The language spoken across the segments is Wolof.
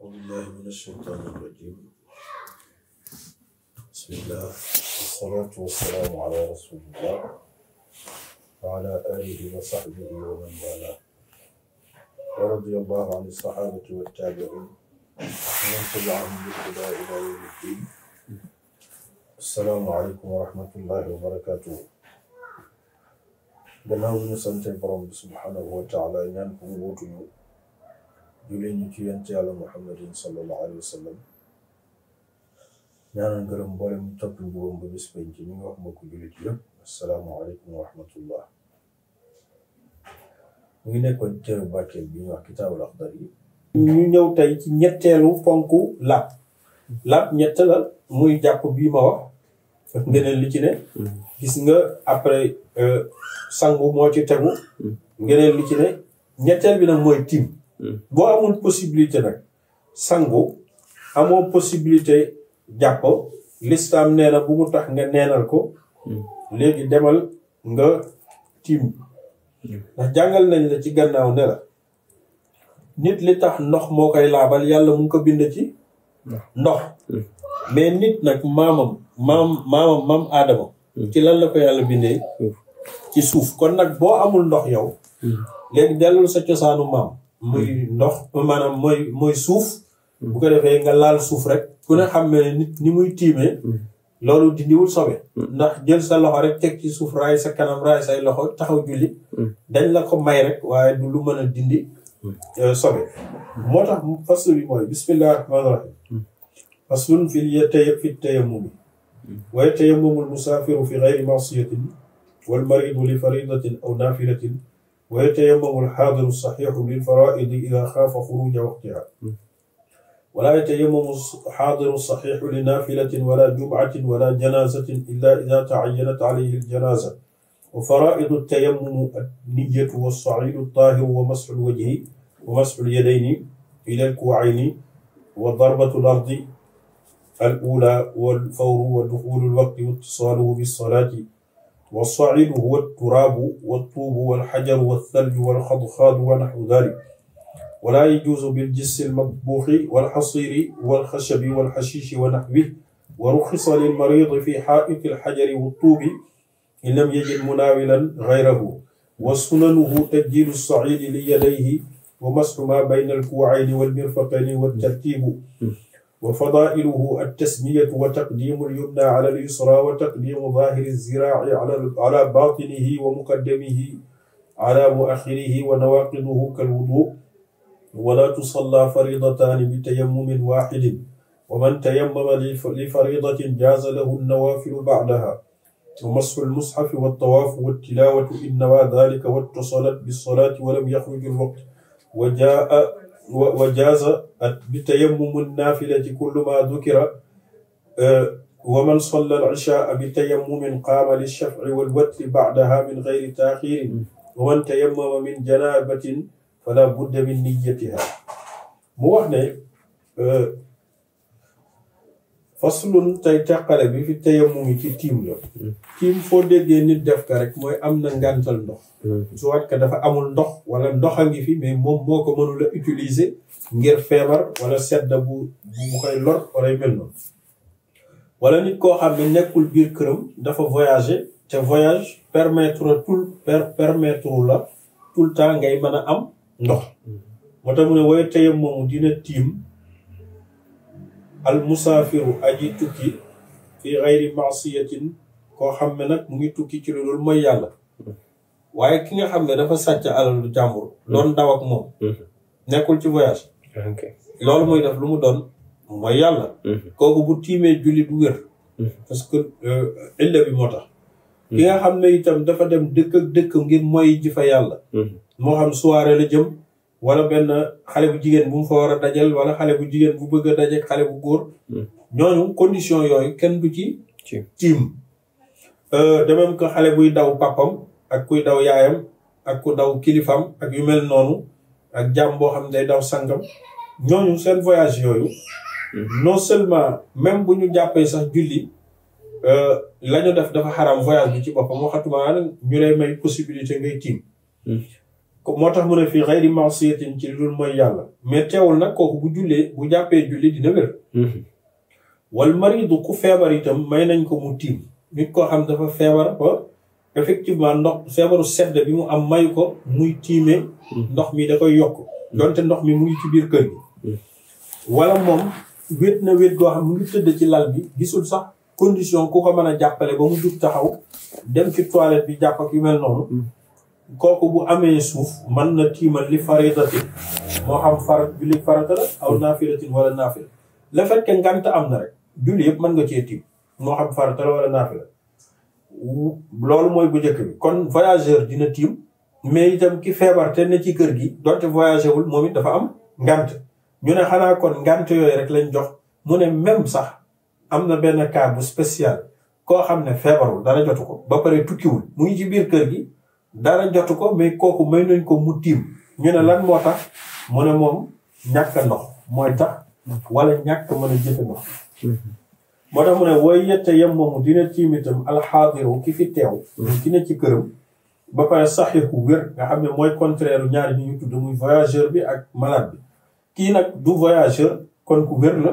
أعوذ بالله من الشيطان الرجيم بسم الله والصلاة والسلام على رسول الله وعلى آله وصحبه ومن والاه ورضي الله عن الصحابة والتابعين ومن تبعهم بالهدى إلى يوم الدين السلام عليكم ورحمة الله وبركاته gannaaw bu ñu sante borom bi subhanahu wa taala ñaan ko mu wutuñu julee ñu ci yonent yàlla muhammadin sallallahu alayhi wa sallam ñaanal gërëm mboolem topp boobu ba bis penc wax mbokku jullit mu ngi nekkoon teeru barkeel bi ñu wax kitaabul axdar yi ñu ñëw tey ci ñetteelu ponk làpp làpp ñett la muy jàpp bii ma wax ngëneel li ci ne gis nga après euh, sangu moo ci tegu mm. ngëneel li ci ne ñetteel bi nag mooy tiim boo amul possibilité nag sangu amoo possibilité jàpp lislaam nee na bu mu tax nga neenal ko léegi demal nga tiim ndax jàngal nañ la ci gannaaw ne la nit li tax ndox moo koy laabal yàlla mu ko bind ci ndox mais nit nag maamam maam maamam maam aadama ci lan la ko yàlla bindee ci suuf kon nag boo amul ndox yow hmm. léegi dellul sa cosaanu maam muy mm-hmm. ndox maanaam mooy mooy suuf mm-hmm. bu ko defee nga laal suuf rek ku ne xam nit ni muy tiimee mm-hmm. loolu dindiwul sobe ndax jël sa loxo rek teg ci suuf raay sa kanam raay say loxo taxaw julli dañ la ko may rek waaye du lu mën a dindi euh, sobe moo tax faslu bi mooy bismillahi rahmaani yu faslun fi yatay fi tayammumi wa yatayammamul musaafiru fi gayri masiyatin wal maridu li faridatin aw nafilatin ويتيمم الحاضر الصحيح للفرائض إذا خاف خروج وقتها ولا يتيمم الحاضر الصحيح لنافلة ولا جمعة ولا جنازة إلا إذا تعينت عليه الجنازة وفرائض التيمم النية والصعيد الطاهر ومسح الوجه ومسح اليدين إلى الكوعين وضربة الأرض الأولى والفور ودخول الوقت واتصاله بالصلاة والصعيد هو التراب والطوب والحجر والثلج والخضخاد ونحو ذلك ولا يجوز بالجس المطبوخ والحصير والخشب والحشيش ونحوه ورخص للمريض في حائط الحجر والطوب إن لم يجد مناولا غيره وسننه تجديد الصعيد ليديه ومسح ما بين الكوعين والمرفقين والترتيب wa fadaa'iluhu at-tasmiyatu wa taqdiimu al-yumnaa ala al-yusraa wa taqdiimu zaahiri az-ziraa'i ala baatinihi wa muqaddamihi ala mu'axirihi wa nawaaqiduhu kal-wuduu' wa laa tusallaa fariidataani bitayammumin waaxidin wa man tayammama li fariidatin jaaza lahu an-nawaafilu ba'dahaa wa masxu al-musxafi wat-tawaafu wat-tilaawatu in nawaa dhaalika wattasalat bis-salaati wa lam yaxruj al-waqt wa jaa'a wa jaaza bi tayammumi naafilati kullu ma dukira euh, wa man salla al-ishaa bi tayammumin qaama lish-shaf'i wal-watri ba'daha min ghayri ta'khirin wa man tayammama min janaabatin fala budda min niyyatiha mu wax ne euh, faslun tey teqale bi fi teye mu ngi ci tiim la hmm. tiim foo déggee nit def ka rek mooy am na ngàntal ndox hmm. su wat ka dafa amul ndox wala ndox a ngi fi mais moom moo ko mënula utiliser ngir feebar wala sedd bu bu koy lor wala nit koo xam ne nekkul biir këram dafa voyager te voyage permettre tout permettre la tout le temps ngay mën a am ndox hmm. moo tax mu ne woye teye moomu dina tiim al musaafiru aji tukki fi xayri masiyatin koo xam ne nag mu ngi tukki ci lu dul mooy yàlla waaye ki nga xam ne dafa sàcc alalu jàmbur doon daw ak moom nekkul ci voyage loolu mooy def lu mu doon mooy yàlla mhm. kooku bu tiimee julli du wér mhm. parce que illa euh, bi moo tax ki nga mhm. xam ne itam dafa dem dëkk dëkk ngir mooy jifa yàlla moo xam soirée la jëm wala benn xale bu jigéen bu mu fa war a dajal wala xale bu jigéen bu bëgg a dajek xale bu góor hmm. ñooñu condition yooyu kenn du ci tiim euh, de même que xale buy daw papam ak kuy daw yaayam ak ku daw kilifam ak yu mel noonu ak jàmm boo xam ne day daw sangam ñooñu seen voyage yooyu hmm. non seulement même bu ñu jàppee sax julli euh, la ñu def dafa xaram voyage bu ci boppam waxatuma ñu lay may possibilité ngay tiim hmm. moo tax mu ne fii xayri masiyatin ci dul mooy yàlla mais teewul nag kooku bu jullee bu jàppee julli dina wér mm-hmm. wal maridu ku feebar tam may nañ ko mu tiim nit koo xam dafa feebar ba effectivement ndox feebaru sedd bi mu am may ko muy tiimee mm-hmm. ndox mi da koy yokk mm-hmm. donte ndox mi mu ngi ci biir kër gi wala moom wét na wét goo xam mu ngi tëdd ci lal bi gisul sax condition ku ko mën a jàppale ba mu jug taxaw dem ci toilette bi jàpp ak mel noonu kooku bu amee suuf man na tiimal li faridatin moo xam farat julli farata la aw naafilatin wala naafila le fait que ngant am na rek julli yëpp mën nga cee tiim moo xam farata la wala loolu mooy bu njëkk bi kon voyageur dina tiim mais itam ki feebar te ne ci kër gi donte voyagé wul moom it dafa am ngant ñu ne xanaa kon ngant yooyu rek lañ jox mu ne même sax am na benn cas bu spécial koo xam ne feebarul dara jotu ko ba pare tukkiwul mu ngi ci biir kër gi dara jotu ko mais kooku may nañ ko mu tiim ñu ne lan moo tax mu ne moom ñàkk a ndox mooy tax wala ñàkk mën a jëfe ndox moo tax mu ne way yette yem moomu dina tiim itam alxaadiru ki fi teew ki ne ci këram ba pare saxiixu wér nga mooy contraire ñaari ñu ñu tudd muy bi ak malade bi kii nag du voyageur kon ku wér la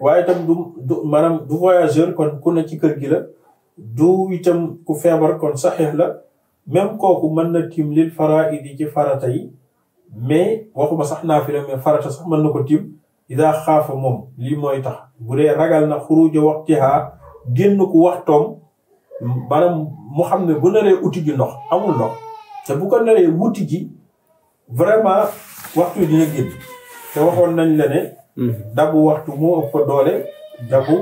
waaye tam du du maanaam du voyageur kon ku ne ci kër gi la du itam ku feebar kon saxiix la même kooku mën na tiim lil faraidi ci farata yi mais waxuma sax naafila mais farata sax mën na ko tiim ida xaafa moom lii mooy tax bu dee ragal na xuruja waxtihaa génn ku waxtoom maanaam mu xam ne bu naree uti ji ndox amul te bu ko naree wuti ji vraiment waxtu dina génn te waxoon nañ la ne dabu waxtu moo ëpp ko doole dabu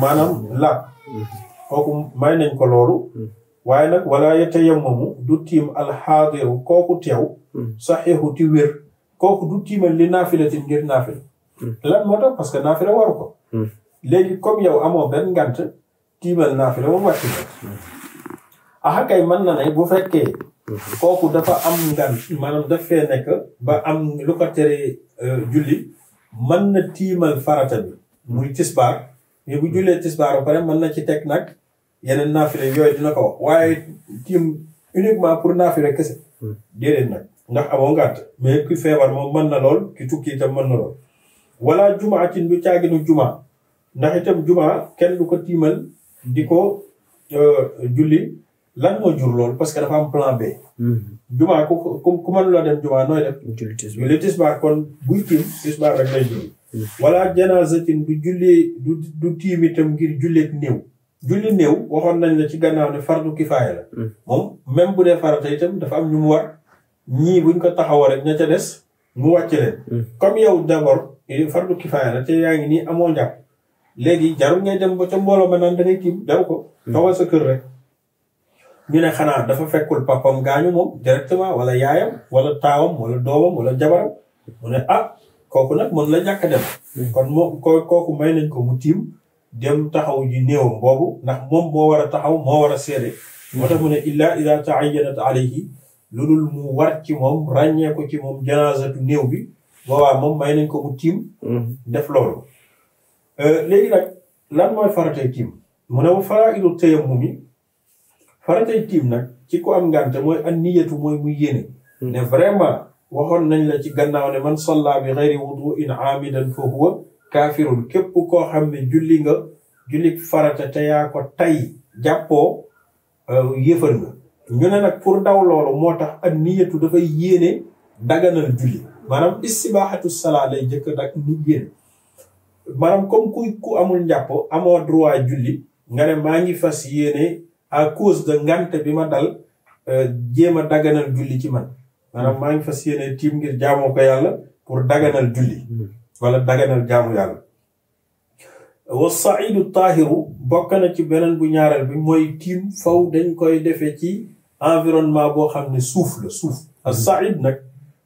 maanaam laab mm-hmm. kooku may nañ ko loolu mm-hmm. waaye nag wala yatayammamu du tiim alxaadiru kooku teew hmm. saxiixu ti wér kooku du tiimal li naafilatin ngir naafila hmm. lan moo parce que naafila waru ko hmm. léegi comme yow amoo benn ngant tiimal naafila moom wàcc na axa kay mën na ne bu fekkee kooku dafa am ngant maanaam daf fee nekk ba am lu tere euh, julli mën na tiimal farata bi muy tisbaar mais bu jullee tisbaar ba pare mën na ci teg nag yeneen naafile yooyu dina ko wax waaye tiim uniquement pour naafile kese. Hmm. déedéet nag ndax amoo ngàtt mais ki feebar moom mën na lool ki tukki itam man na lool. wala jumaa ci lu caaginu jumaa ndax itam jumaa kenn du ko tiimal di ko euh, julli lan jur lool parce que dafa am plan B. Hmm. jumaa ku ku ku mën la dem jumaa nooy def. julli tisbaar kon buy tiim tisbaar rek lay julli. Hmm. wala janaaza du julli du du tiim itam ngir julleeg néew. julli néew waxoon nañ la ci gannaaw ne fardu kifaaya la. Hmm. moom même bu dee farata itam dafa am ñu mu war ñii buñ ko taxawoo rek ña ca des mu wàcc leen. Hmm. comme yow d'abord eh, fardu kifaaya la te yaa ngi nii amoo njàpp léegi jarul ngay dem ba ca mbooloo ma naan da ngay kii ko. Hmm. tawal sa kër ñu ne xanaa dafa fekkul papam gaañu moom directement wala yaayam wala taawam wala doomam wala jabaram mu ne ah kooku nag mën la jàkk dem. kon kooku may nañ ko mu tiim. dem taxaw ji néewam boobu ndax moom moo war a taxaw moo wara a seede moo tax mu ne illaa ida taayyanat alayhi lu dul mu war ci moom ràññee ci moom janaazatu néew bi boobaa moom may nañ ko mu tiim mm-hmm. def loolu euh, léegi nag lan mooy faratay tiim mu ne wa faraa'idu nag ci ko am ngànte mooy an niyatu mooy mu yéene mm-hmm. ne vraiment waxoon nañ la ci gannaaw ne man salla bi gayri wuduin aamidan fa huwa kaafirun képp koo xam ne julli nga julli farata te yaa ko tay jàppoo euh, yëfër nga ñu ne nag pour daw loolu moo tax ak niyatu dafay yéene daganal julli maanaam istibaaxatu salaa lay jëkk nag ni yéene maanaam comme ku amul njàpp amoo droit julli nga ne maa ngi fas yéene à cause de ngante bi ma dal euh, jéem a daganal julli ci man maanaam maa ngi fas yéene tiim ngir jaamoo ko yàlla pour daganal julli hmm. wala daganal jaamu yàlla wa saidu taahiru bokk na ci beneen bu ñaareel bi mooy tiim faw dañ koy defee ci environnement boo xam ne suuf la suuf as said nag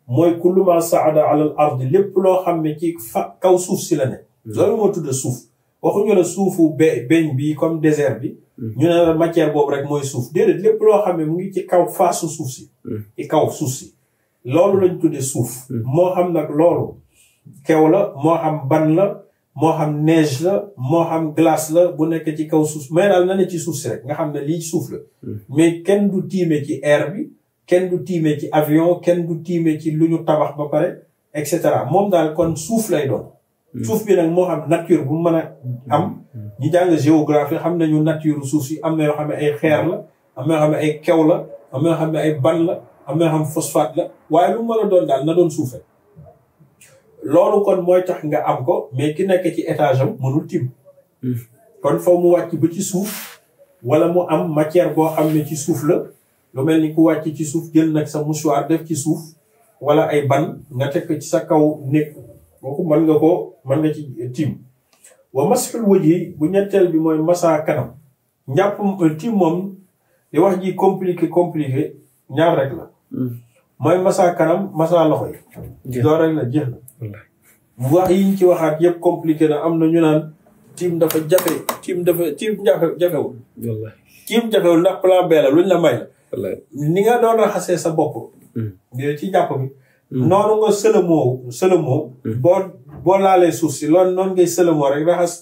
mooy kullu ma saada ala al lépp loo xam ne ci fa kaw suuf si la ne loolu moo suuf waxuñu la suufu be beñ comme désert bi hmm. ñu matière boobu rek mooy suuf déedéet lépp loo xam ne mu ngi ci kaw faasu suuf si hmm. ci suuf si loolu lañ tuddee suuf hmm. moo xam nag loolu kew la moo xam ban la moo xam neige la moo xam glace la bu nekk ci kaw suuf mais daal na ne ci suuf si rek nga xam ne lii suuf la hmm. mais kenn du tiime ci air bi kenn du tiime ci avion kenn du tiime ci lu ñu tabax ba pare et cetera moom daal kon suuf lay doon hmm. suuf bi nag moo xam nature bu mën a am hmm. ñu jàng géographie xam na ñu nature suuf si am na yoo xam ne ay xeer la am na yoo xam ay kew la am na yoo xam ne ay ban la am na yoo xam phosphate la waaye lu mën doon daal na doon suufee loolu kon mooy tax nga am ko mais ki nekk ci étage am mënul tiim hmm. kon foo mu wàcc ba ci suuf wala mu am matière boo xam ne ci suuf la lu mel ni ku wàcc ci suuf jël nag sa mouchoir def ci suuf wala ay ban nga teg ci sa kaw nekk kooku mën nga ko mën nga ci tim wa masxul wajhi bu ñetteel bi mooy masa kanam njàpp tim moom di wax ji compliqué compliqué ñaar rek la hmm. mooy masa kanam masa loxo yi door rek la jeex wax yiñ ci waxaat yëpp compliqué na am na ñu naan tiim dafa jafe tiim dafa tiim jafe jafewul tiim jafewul ndax plan B la luñ la may ni nga doon raxasee sa bopp hmm. nga ci jàpp bi hmm. noonu nga sëlëmoo sëlëmoo hmm. boo laalee suuf si loolu noonu ngay sëlëmoo rek raxas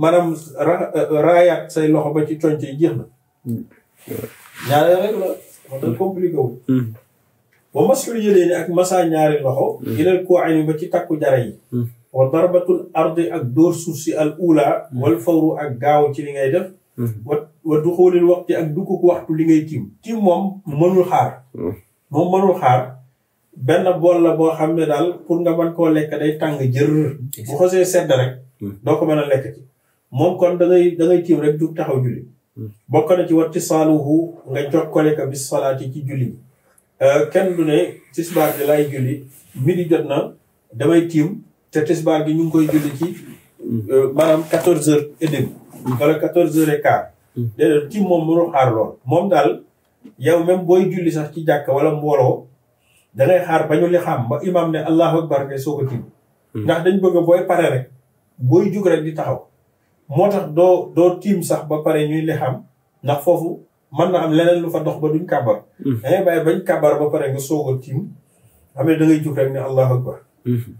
maanaam ra euh, raayaat say loxo ba ci conc yi jeex na ñaareel rek la wax compliqué wu wa masul yëleeni ak masa ñaari loxo hmm. ilal koo ay ba ci takku jara yi hmm. wa darbatul ardi ak dóor suuf si al hmm. wal fawru ak gaaw ci li ngay def wa wa duxulil waxti ak dugg waxtu li ngay tiim tiim moom mënul xaar moom mënul xaar benn bool la boo xam ne daal pour nga mën koo lekk day tàng jër bu xosee sedd rek doo ko mën a lekk ci moom kon da ngay tiim rek jug taxaw julli bokk na ci watti saaluhu nga jokkale ka bis salaati ci julli Euh, kenn mu ne tisbaar bi laay julli midi jot na damay tiim te tisbaar bi ñu ngi koy julli ci euh, maanaam quatorze heures et demi wala quatorze heures et quart hmm. déedéet tiim moom mënul xaar lool moom daal yow même booy julli sax ci jàkk wala mbooloo da xaar ba ñu li xam ba imaam ne allahu akbar nga soo ko tiim hmm. ndax dañ bëgg booy pare rek booy jug rek di taxaw moo tax doo doo tiim sax ba pare ñuy li xam ndax foofu man na am leneen lu fa dox ba duñ kàbbar hmm. da ngay bàyyi bañ kàbbar ba pare nga soog a tiim xam ne da ngay jug rek ne allahu akbar hmm.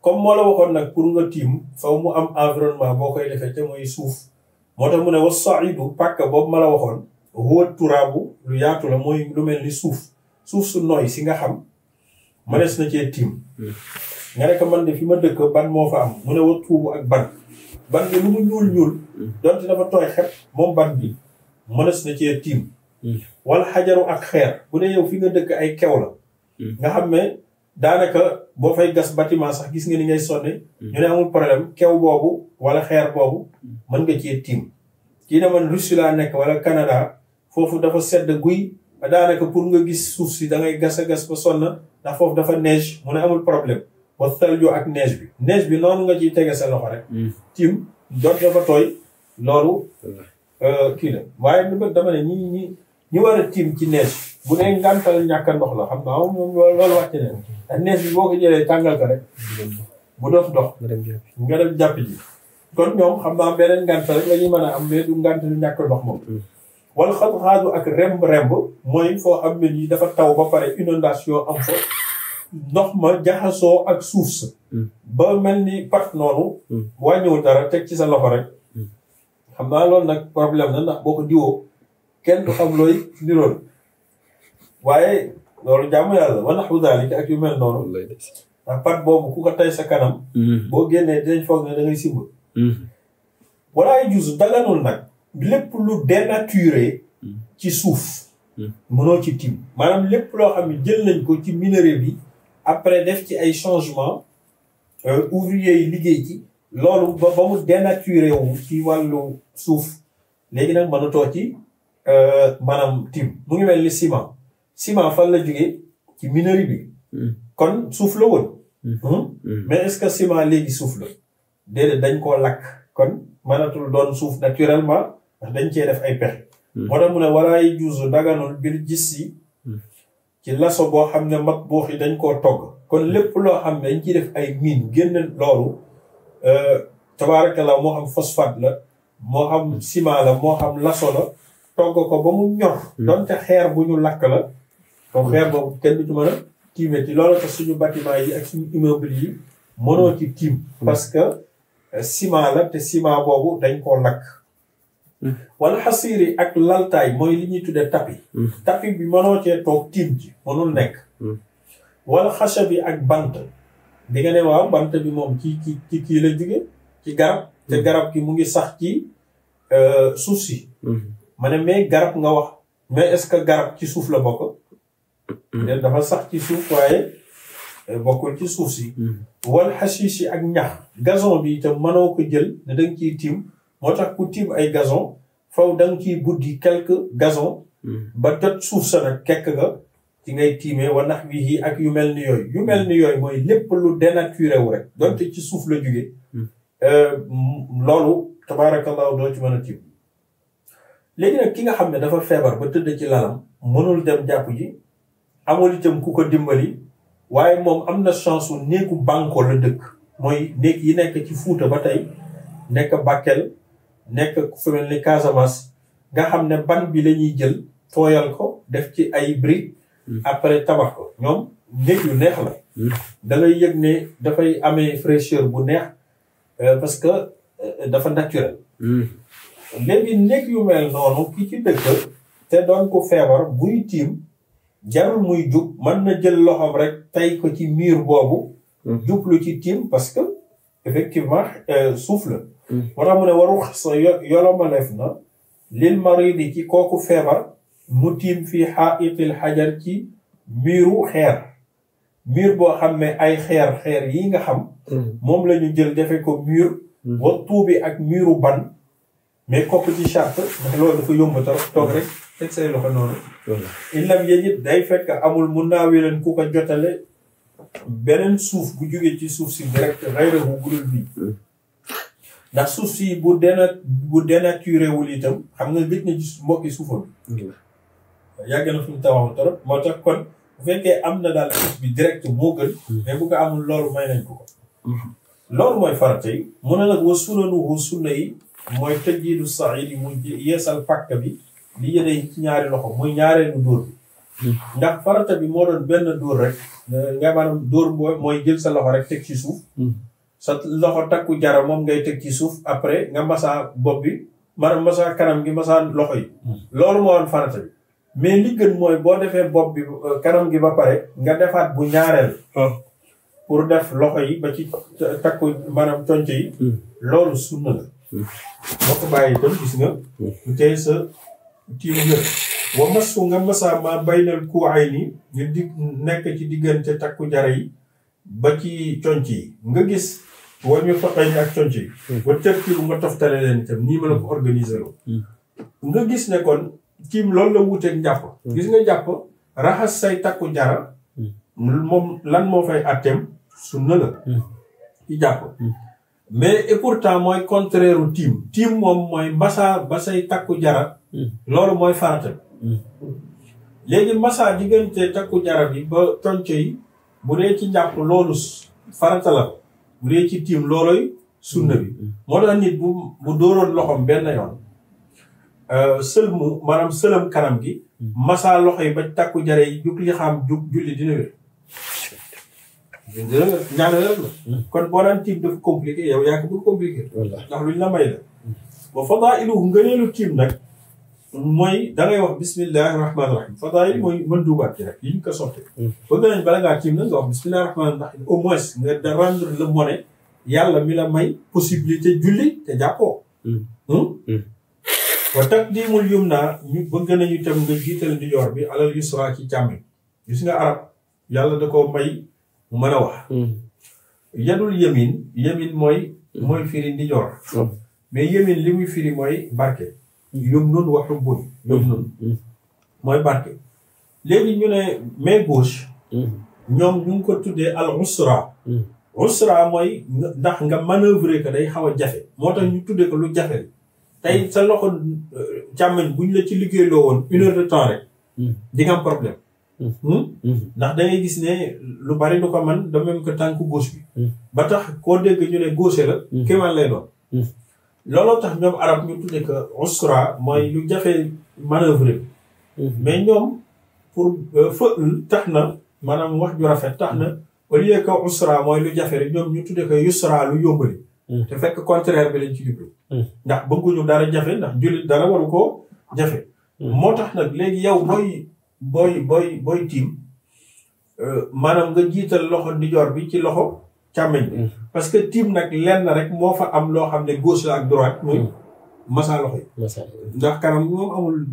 comme moo la waxoon nag pour nga tiim faw mu am environnement boo koy defee te mooy suuf moo tax mu ne wa saidu pàkk boobu ma la waxoon huwa turaabu lu yaatu la mooy lu suuf suuf su nooy si nga xam mënees na cee tiim hmm. nga ne man de fi ma dëkk ban moo fa am mu ne wa tuubu ak ban ban bi lu mu ñuul ñuul donte dafa tooy xet moom ban bi mënees na cee tiim. Hmm. wala xajaru ak xeer bu dee yow fi nga dëkk ay kew la. Hmm. nga xam ne daanaka boo fay gas bâtiment sax gis nga ni ngay sonne. Hmm. ñu ne amul problème kew boobu wala xeer boobu mën nga cee tiim. kii ne man Russie laa nekk wala Canada foofu dafa sedd guy ba daanaka pour nga gis suuf si da ngay gas gas ba sonn ndax foofu dafa neige mu ne amul problème ba thalju ak neige bi neige bi noonu nga ci tege sa loxo rek. tiim jot dafa tooy loolu. Euh, kii la waaye li dama ne ñi ñi ñi war a tiim ci nees bu dee ngàntal ñàkk ndox la xam nga moom loolu wàcc nees bi boo ko jëlee tàngal ko rek bu dof dox nga dem jàpp ji kon ñoom xam naa beneen ngànt rek la ñuy mën a am mais du ngànt ñàkk ndox moom hmm. wal xatu-xaatu ak remb-remb mooy foo xam ne nii dafa taw ba pare inondation am fa ndox ma jaxasoo ak suuf sa hmm. ba mel ni pat noonu hmm. wàññiwul dara teg ci sa loxo rek xam naa loolu nag problème la ndax boo ko diwoo kenn du xam looy niroon waaye loolu jàmm yàlla wala xudaalika ak yu mel noonu. ndax pat boobu ku ko tay sa kanam. Mm-hmm. boo génnee dinañ foog ne da ngay simb. Mm-hmm. walaay juus daganul nag lépp lu dénaturé mm-hmm. ci suuf. mënoo ci tim maanaam lépp loo xam ne jël nañ ko ci minerai bi après def ci ay changement euh, ouvrier yi liggéey ci loolu ba ba mu dénaturé wu ci wàllu suuf léegi nag mënatoo ci euh, maanaam tim mu ngi mel ni ciment ciment fan la jógee ci minerai bi. Hmm. kon suuf la woon. Hmm. Hmm? mais est-ce que ciment léegi suuf la déedéet dañ koo lakk kon mënatul doon suuf naturellement ndax dañ cee def ay pexe. moo tax mu ne walaay juusu noonu bir gis si. ci laso boo xam ne mag boo yi dañ koo togg. kon lépp loo xam ne dañ ci def ay miin génn loolu. Euh, tabaarakallaa moo xam phosphate la moo xam ciment la moo xam laso la togg ko ba mu ñor hmm. donte xeer bu ñu lakk la kon xeer boobu kenn suñu bâtiment yi ak suñu ci tiim hmm. parce que euh, ciment la te boobu dañ koo lakk hmm. wala xasiir ak laltaay mooy li ñuy tuddee tapis tapis bi ci mënul nekk wala xasha bi ak bant di nga ne waaw bant bi moom ci ci ci kii la jóge ci garab te hmm. garab gi mu ngi sax ci euh, suuf si hmm. mane mais garab nga wax mais est-ce que garab ci suuf la bokk leen hmm. dafa sax ci suuf waaye euh, bokkul ci suuf si wal xasiis yi ak ñax gazon bi itam mënoo ko jël da nga ciy tiim moo tax ku tiim ay gazon faw da nga ciy buddi quelque gazon ba jot suuf sa nag kekk nga ci ngay tiimee wa nax wi ak yu mel ni yooyu yu mel ni yooyu mooy lépp lu dénaturé wu rek hmm. donte ci suuf la jóge hmm. euh, loolu tabaarakallahu doo ci mën a tiim léegi nag ki nga xam ne dafa feebar ba tëdd ci lalam mënul dem jàpp ji amul itam ku ko dimbali waaye moom am na chance u néegu banko la dëkk mooy néeg yi nekk ci Fuuta ba tey nekk Bakel nekk fu mel ni Casamance nga xam ne ban bi lañuy jël tooyal ko def ci ay briques Mm. après tabax ko ñoom néeg yu neex la. Mm. da yëg ne dafay ame fraîcheur bu neex euh, parce que euh, dafa naturel. Mm. léegi néeg yu mel noonu ki ci dëkk te doon ko feebar buy tiim jarul muy jub mën na jël loxoom rek tay ko ci miir boobu. jublu ci tiim parce que effectivement euh, suuf la. moo tax mu ne waru yolomalef na lil maridi ci kooku feebar. mu tiim fii xaaitil xajar ci miiru xeer miir boo xam ne ay xeer xeer yi nga xam hmm. moom la ñu jël defe ko miir hmm. wa tuubi ak miiru ban mais kopp ci charte ndax loolu dafa yomb trop rek teg say loxo noonu illam yejit day fekk amul mu naa weleen ku ko jotale beneen suuf bu jógee ci suuf si direct rayrahu gudul bi hmm. ndax suuf si bu dena bu dénaturé wul itam xam nga gëj na ci mbokki suufam yàgg na fu ñu taxawu trop moo tax kon bu fekkee am na daal bi direct moo gën. Hmm. mais bu ko amul loolu may nañ ko ko. Hmm. loolu mooy farata yi mu ne nag wa sunanu wa sunna yi mooy tëjjiidu sax yi mu yeesal pàkk bi li yéene ci ñaari loxo muy ñaareelu dóor bi. Hmm. ndax farata bi moo doon benn dóor rek. nga maanaam dóor booy mooy jël sa loxo rek teg ci suuf. sa loxo takku jara moom ngay teg ci suuf après nga masaa bopp bi maanaam masaa kanam gi masaa loxo yi. loolu moo woon mais li gën mooy boo defee bopp bi euh, kanam gi ba pare nga defaat bu ñaareel. Ah. pour def loxo yi ba ci takku maanaam conc yi. Hmm. loolu sunna la. Hmm. boo ko bàyyi itam gis nga. Hmm. bu tey sa tiim nga. wa masu nga masaa ma baynal kuwaay ni ñu di nekk ci diggante takku jara yi ba ci conc yi nga gis war ñu faqañ ak conc yi. ba tërtiwu nga toftale leen itam nii ma la ko organiser nga gis ne kii loolu la wuuteeg njàpp mm. gis nga jàpp raxas say takku jara mm. moom lan moo fay atteem sunna la mm. ci jàpp mais et mooy contraire tiim tiim moom mooy massa ba say takku jara loolu mooy farata léegi massa te takku jara bi ba tonco yi bu dee ci njàpp loolu farata la bu dee ci tiim looloy sunna bi moo tax nit bu dóoroon loxoom benn yoon Euh, sëlmu maanaam sëlam kanam gi hmm. masaa loxo yi ba tàkku jare yi jug li xam julli dina wér ñaana rek la hmm. kon boo naan tiim dafa compliqué yow yaa ko bul compliqué ndax luñ la may la ba hmm. fadailuhu ngëneelu tiim nag mooy da ngay wax bismillahi rahmaani rahim fadail mooy mën duubaat ci rek yi ñu ko sotte bëgg nañ bala ngaa tiim nag nga wax bismillahi rahmaani rahim au moins nga da rendre le monnaie yàlla mi la may possibilité julli te jàppoo wa taqdimul naa ñu bëgg nañu tam nga jiital ndijoor bi alal yusra ci càmmiñ gis nga arab yàlla da koo may mu mën a wax hmm. yadul yemin yemin mooy hmm. mooy firi ndijoor hmm. mais yemin li muy firi mooy barke yumnun wa hubbun yumnun mooy barke léegi ñu ne mais gauche ñoom ñu ngi ko tuddee al usra usra mooy ndax nga manœuvrer ko day xaw a jafe moo tax ñu tuddee ko lu jafe tey sa loxo euh, càmmoñ buñ la ci liggéeyloo woon une heure de temps rek. Hmm. di nga am problème. Hmm. Hmm? ndax da gis ne lu bari du ko man de même ko tànk gauche bi. ba tax koo dégg ñu ne gauche la. kéemaan lay doon. looloo tax ñoom arab ñu tuddee que usra mooy lu jafee manœuvrer. mais ñoom pour euh, fël tax na maanaam wax ju rafet tax na au lieu que usra jafe rek ñoom ñu tuddee que yusra lu yómbali. Mm. te fekk contraire bi lañ ci jublu. Mm. ndax bëgguñu dara jafe ndax jullit dara waru ko jafe. Mm. moo tax nag léegi yow booy booy booy booy tiim euh, maanaam nga jiital loxo ndijoor bi ci loxo càmmeñ bi. parce que tiim nag lenn rek moo fa am loo xam ne gauche la ak droite muy masa loxo yi. ndax kanam bi moom amul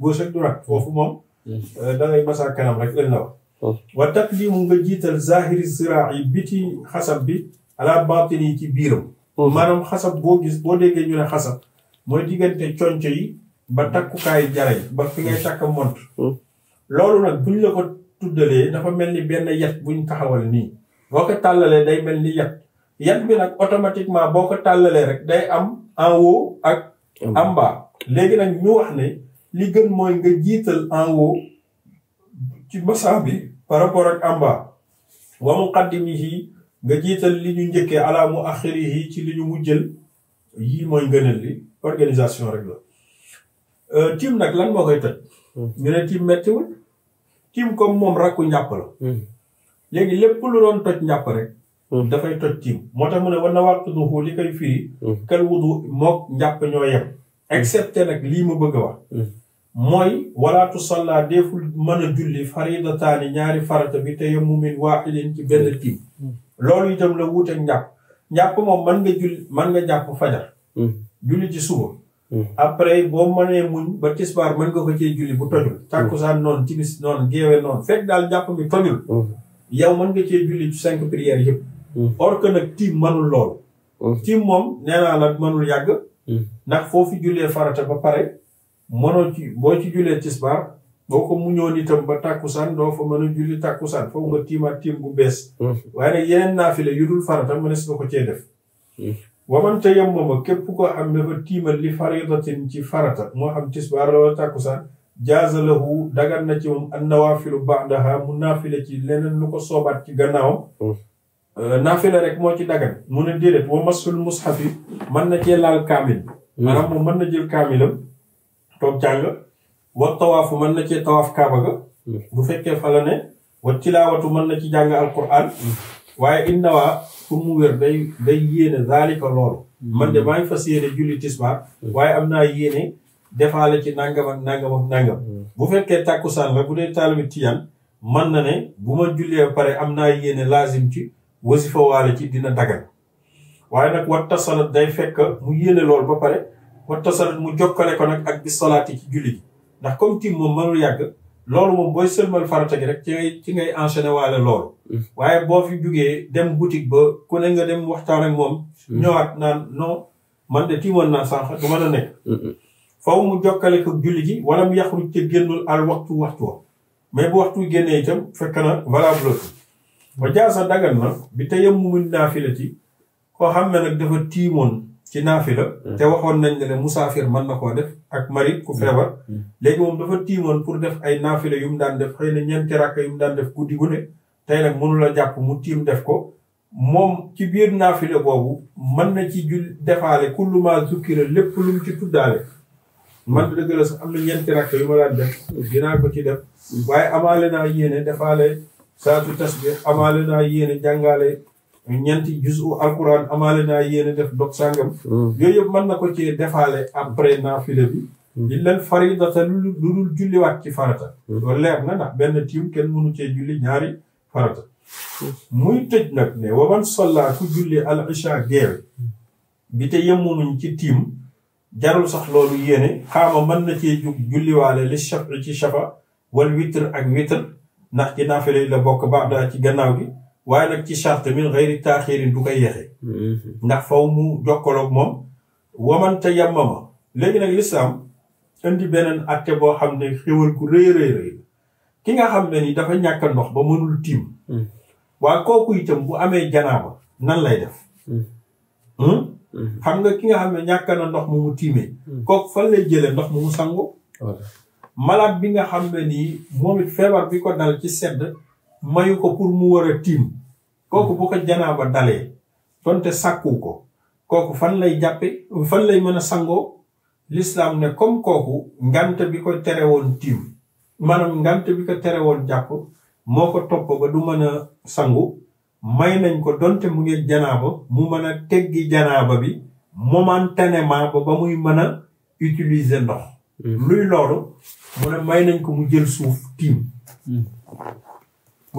gauche ak droite foofu moom. Euh, da ngay masa kanam rek lañ la wax. wa taqdimu nga jiital zahiri ziraa yi biti xasab bi ala yi ci biiram. maanaam xasab boo gis boo déggee ñu ne xasab mooy diggante conco yi ba takkukaay jaray ba fi ngay takk mont loolu nag ñu la ko tuddalee dafa mel ni benn yat buñ taxawal nii boo ko tàllalee day mel ni yat yat bi nag automatiquement boo ko tàllalee rek day am en haut ak en léegi nag ñu wax ne li gën mooy nga jiital en haut ci basaa bi par rapport ak en bas wa muqaddimihi nga jiital li ñu njëkkee alaamu mu axiri yi ci li ñu mujjël yii mooy ngëneel li organisation rek la euh, tim nag lan moo koy toj ñu hmm. ne tim mettiwul tim comme moom rakku njàpp la hmm. léegi lépp lu doon toj ñàpp rek hmm. dafay toj tim moo tax ne war na wàqduhu li koy firi kal wudu mook njàpp ñoo yem excepté nag lii mu bëgg a wax mooy walaatu salla deful mën a julli faridataani ñaari farata bi te yamumin waaxidin ci benn tim loolu itam la wuuteeg njàpp njàpp moom mën nga julli mën nga jàpp fajar hmm. julli ci suba hmm. après boo mënee muñ ba tisbaar mën nga ko cee julli bu tojul hmm. tàkkusaan noonu timis noonu géewe noonu fekk daal njàpp mi tojul yow mën nga cee julli ci cinq prières yëpp or que nag tiim mënul loolu tiim moom nee la mënul yàgg ndax foofu fi jullee farata ba pare mënoo ci boo ci jullee tisbaar boo ko muñoon itam ba tàkkusaan doo fa mën a julli tàkkusaan foofu nga tiimaat tiim bu bees hmm. waaye nag yeneen naafile yu dul farata mënees na ko cee def hmm. waman tayammama képp koo xam ne dafa li faridatin ci farata moo xam tisbaar la wala tàkkusaan jaaza lahu dagan na ci moom an nawaafilu ba'daha mu naafile ci leneen lu ko soobaat ci gannaawam hmm. euh, naafile rek moo ci dagan mu ne déedéet wa masul mushafi mën na cee laal kaamil maanaam moom mën na jël kaamilam toog jàng wa tawaafu mën na cee tawaaf kaaba ga bu fekkee fa la ne wa tilaawatu mën na ci jàng alquran waaye innawaa pour mu wér day day yéene zaalika loolu man de maa ngi fas yéene julli tisbaar waaye am naa yéene defaale ci nangam ak nangam ak bu fekkee tàkkusaan la bu dee taalibi tiyan man na ne bu ma jullee pare am naa yéene laazim ci wasifa waale ci dina dagal waaye nag wat tasalat day fekk mu yéene loolu ba pare wat tasalat mu jokkale ko nag ak bi ci julli ndax comme tiim moom mënul yàgg loolu moom booy sëlmal farata gi rek ci ngay ci ngay enchaîné waale loolu mm. waaye boo fi jugee dem boutique ba ku ne nga dem waxtaan ak moom mm. ñëwaat naan non man de tiimoon naa sànq du mën a nekk mm, faw mu jokkale ko julli gi wala mu yaxruj te génnul al waxtu waxtu wa mais bu waxtu génnee itam fekk na valable ba jaasa dagan na bi tayammumin naafilati koo xam ne nag dafa tiimoon ci naafila mm. te waxoon nañ ne ne musaafir man na koo def ak mari ku mm. feebar mm. léegi moom dafa tiimoon pour def ay naafila yu mu daan def xëy na ñeenti rakka yu mu daan def guddi gu ne tey nag mënu la jàpp mu def ko moom ci biir naafila boobu mën na ci jul defaale kullu ma zukkira lépp lu mu ci tuddaale man dëgg la sax am na ñeenti rakka yu ma daan def dinaa ko ci def waaye amaale naa yéene defaale saatu tasbih amaale naa yéene jàngaale ñeenti juzu alquran amaale naa yéen a def dog sàngam. Hmm. yooyu yëpp mën na ko ci defaale après naafile bi. Hmm. di leen faridata lu dul julliwaat ci farata. Hmm. leer na ndax benn tiim kenn mënu cee julli ñaari farata. muy tëj nag ne waman sollaa ku julli al isha geer bi te yemunuñ ci tiim jarul sax loolu yéene xaama mën na cee jug julliwaale li shaf ci shafa wal witr ak witr ndax ci naafile la bokk baax daa ci gannaaw gi. waaye nag ci charte min xëyri taaxiirin du ko yeexe mhm. ndax faw mu jokkaloog moom wamante yàmmama léegi nag lislaam indi beneen atte boo xam ne xéwal ku rëy rëy ki nga xam ne nii dafa ñàkk ndox ba mënul tiim mhm. kooku itam bu amee janaaba nan mhm. Hmm? xam nga ki nga xam ne ñàkk ndox mu mu tiimee kooku fan lay jëlee ndox mu mu sangu malaat bi nga xam ne nii moom it feebar bi ko dal ci sedd mayu ko pour mu war a tiim kooku bu ko janaaba dalee donte sàkku ko kooku fan lay jàppe fan lay mën a sangoo lislaam ne comme kooku ngante bi ko tere woon tiim maanaam ngante bi ko tere woon jàpp moo ko topp ba du mën a sangu may nañ ko donte mu ngi janaaba mu mën a teggi janaaba bi momentanément ba ba muy mën a utiliser ndox mm-hmm. luy loolu mu may nañ ko mu jël suuf tiim mm-hmm.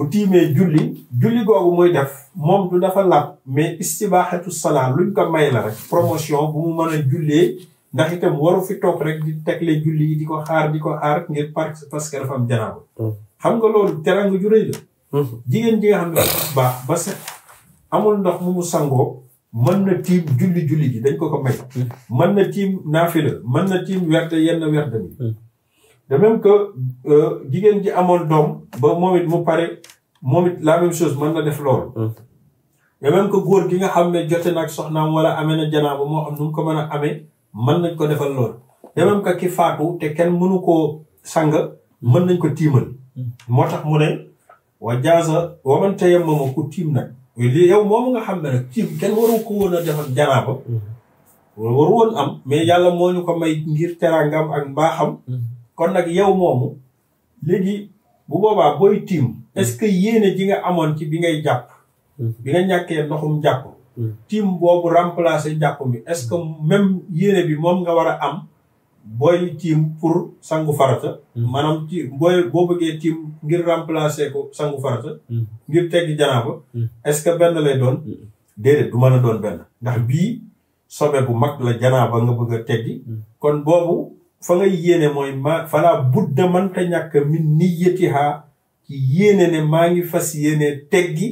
bu tiimee julli julli googu muy def moom du dafa lab mais istibaaxatu salaa luñ ko may la rek promotion bu mu mën a jullee ndax itam waru fi toog rek di tegle julli yi di ko xaar di ko xaar ngir parce que dafa am janaaba hmm. xam nga loolu teranga ju rëy la hmm. jigéen ji nga xam ne baax ba set amul ndox mu mu sangoo mën na tiim julli julli ji dañ ko ko may hmm. mën na tiim naafila mën na tiim werd yenn werd bi de même que euh, jigéen ji amoon doom ba moom it mu pare moom it la même chose mën na def loolu hmm. de même que góor gi nga xam ne jote nag soxnaam a amee na janaaba moo xam mu ko mën a amee mën nañ ko defal loolu de même que te kenn mënu koo sang mën nañ ko tiimal hmm. moo tax mu ne wa jaaza waman tayammama ku tiim nag yow moomu nga xam ne nag tiim kenn waru ko woon a defal janaaba hmm. waru woon am mais yàlla moo ñu ko may ngir teraangam ak mbaaxam kon nag yow moomu léegi bu boobaa booy tiim est-ce que yéene ji nga amoon ci bi ngay jàpp bi nga ñàkkee ndoxum jàpp tiim boobu remplacer jàpp mi est-ce que même yéene bi moom nga war a am booy tiim pour sangu farata maanaam ci booy boo bëggee tiim ngir remplacer ko sangu farata ngir tegg janaaba est-ce que benn lay doon déedéet du mën a doon benn ndax bii sobe bu mag la janaaba nga bëgg a teggi kon boobu fa nga yéene mooy ma fala budda manta ñàkk min niyatiha ci yéene ne maa ngi fas yéene teggi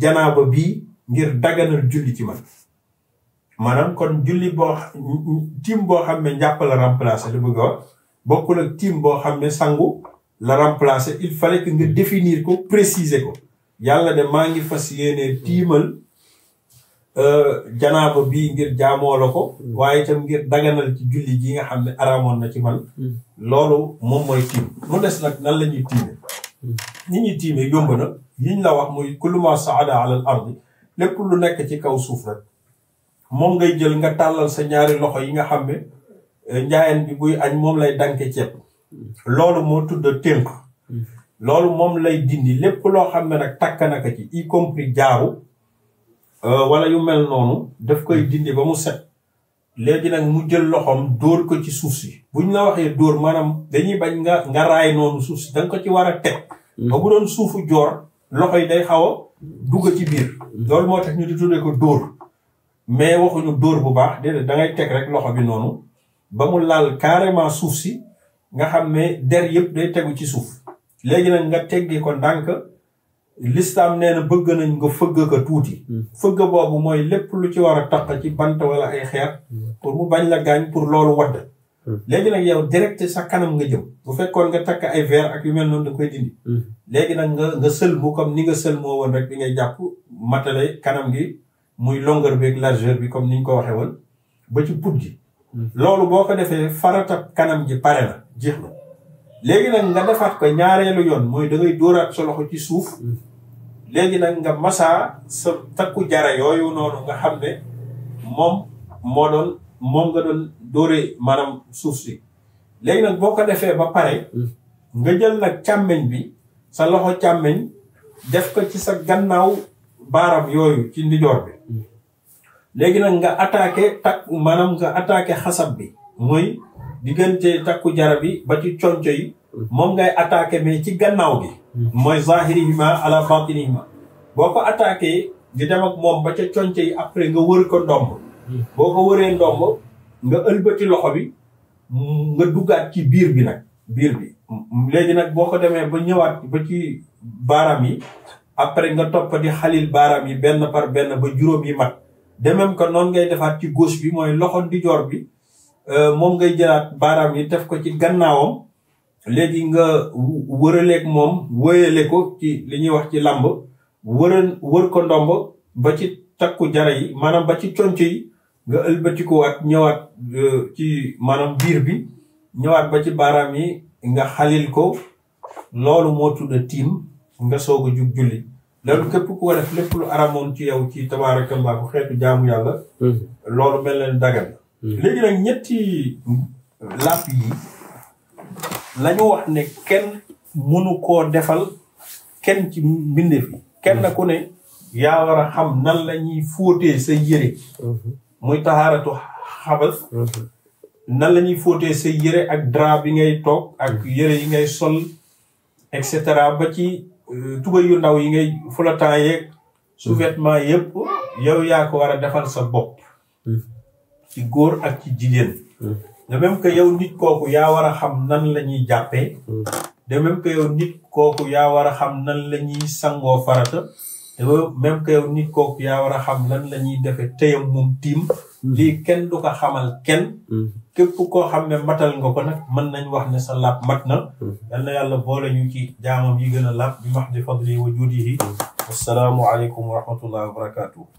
janaaba bii ngir daganal julli ci man maanaam kon julli boo tiim boo xam ne njàpp la remplacer li bëgg a wax bokkul ak tiim boo xam ne sangu la remplacer il fallait que nga définir ko préciser ko yàlla de maa ngi fas yéene tiimal Euh, janaaba bii ngir jaamoo la ko hmm. waaye itam ngir daganal ci julli gi nga xam ne araamoon na ci man hmm. loolu moom mooy tiim mu des nag nan la ñuy tiime ñi hmm. ñuy tiime yomb na yiñ la wax muy kullu ma saada ala lépp lu nekk ci kaw suuf rek moom ngay jël nga tàllal sa ñaari loxo yi nga xam ne eh, njaayeen bi buy añ moom lay danke ceeb loolu moo tudd tënk loolu moom lay dindi lépp loo xam ne nag takk na ko ci y jaaru Euh, wala yu mel noonu daf koy dindi ba mu set léegi nag mu jël loxoom dóor ko ci suuf si buñ nga waxee dóor maanaam dañuy bañ nga nga raay noonu suuf si da ko ci war a teg hmm. ba bu doon suufu joor loxo yi day xaw a dugg ci biir hmm. loolu moo tax ñu di tuddee ko dóor mais waxuñu dóor bu baax déedéet da ngay teg rek loxo bi noonu ba mu laal carrément suuf si nga xam ne der yëpp day tegu ci suuf léegi nag nga teggee ko ndànk lislaam nee na bëgg nañ nga fëgg ko tuuti. Hmm. fëgg boobu mooy lépp lu ci war a taq ci bant wala ay xeer. Hmm. pour mu bañ la gaañ pour loolu wadd. Hmm. léegi nag yow direct sa kanam nga jëm. bu fekkoon nga takk ay verre ak yu mel noonu danga koy dindi. léegi nag nga nga sëlmu comme ni nga moo woon rek bi ngay jàpp matale kanam gi muy longueur bi ak largeur bi comme ni ñu ko waxee woon ba ci put gi. loolu boo ko defee farata kanam gi pare na jeex na. léegi nag nga defaat ko ñaareelu yoon mooy da ngay dóoraat sa loxo ci suuf mm. léegi nag nga masaa sa takku jara yooyu noonu nga xam ne moom moo doon moom nga doon dóore maanaam suuf si léegi nag boo ko defee ba pare mm. nga jël nag càmmeñ bi sa loxo càmmeñ def ko ci sa gannaaw baaram yooyu ci ndijoor bi mm. léegi nag nga attaqué takk maanaam nga attaqué xasab bi mooy diggante takku jara bi ba ci conco yi moom ngay attaqué mais ci gannaaw bi mooy zahirihima ala batinihima boo ko attaqué di dem ak moom ba ca conco yi après nga wër ko ndomb boo ko wëree ndomb nga ëlbati loxo bi nga duggaat ci biir bi nag biir bi léegi nag boo ko demee ba ñëwaat ba ci baaraam yi après nga topp di xalil baaraam yi benn par benn ba juróom yi mat de même que noonu ngay defaat ci gos bi mooy loxo ndijoor bi Euh, moom ngay jëlaat baaraam yi def ko ci gannaawam léegi nga wëraleeg moom wëyale ko ci li ñuy wax ci làmb wëra wër ko ndomb ba ci takku jara yi maanaam ba ci conc yi nga ëlbatikuwaat ñëwaat euh, ci maanaam biir bi ñëwaat ba ci baaraam yi nga xalil ko loolu moo tudd tiim nga soog a jug julli loolu képp ku ko def lépp lu aramoon ci yow ci tabaarakallah ku xeetu jaamu yàlla hmm. loolu mel leen dagal Hmm. léegi nag ñetti làpp yi la ñu wax ne kenn mënu koo defal kenn ci mbindeef yi kenn hmm. ku ne yaa war a xam nan la ñuy fóotee sa yére hmm. muy taxaaratu xabas nan la ñuy fóotee sa yére ak drap bi ngay toog ak yére yi ngay sol et cetera ba ci euh, tubéy yu ndaw yi ngay flottant yeeg sous-vêtement yëpp yow yaa ko war a defal sa bopp ci góor ak ci jigéen. de même que yow nit kooku yaa war a xam nan lañuy ñuy jàppee. de même que yow nit kooku yaa war a xam nan la ñuy sangoo farata. te même que yow yaa war a xam lan la ñuy defee teyam moom tiim. lii kenn du ko xamal kenn. képp koo xam ne matal nga ko nag mën nañ wax ne sa laab mat na. yal na yàlla boole ñu ci jaamam yi gën a laab bi max di fadli wa juudihi. wasalaamu aleykum wa wa barakaatu.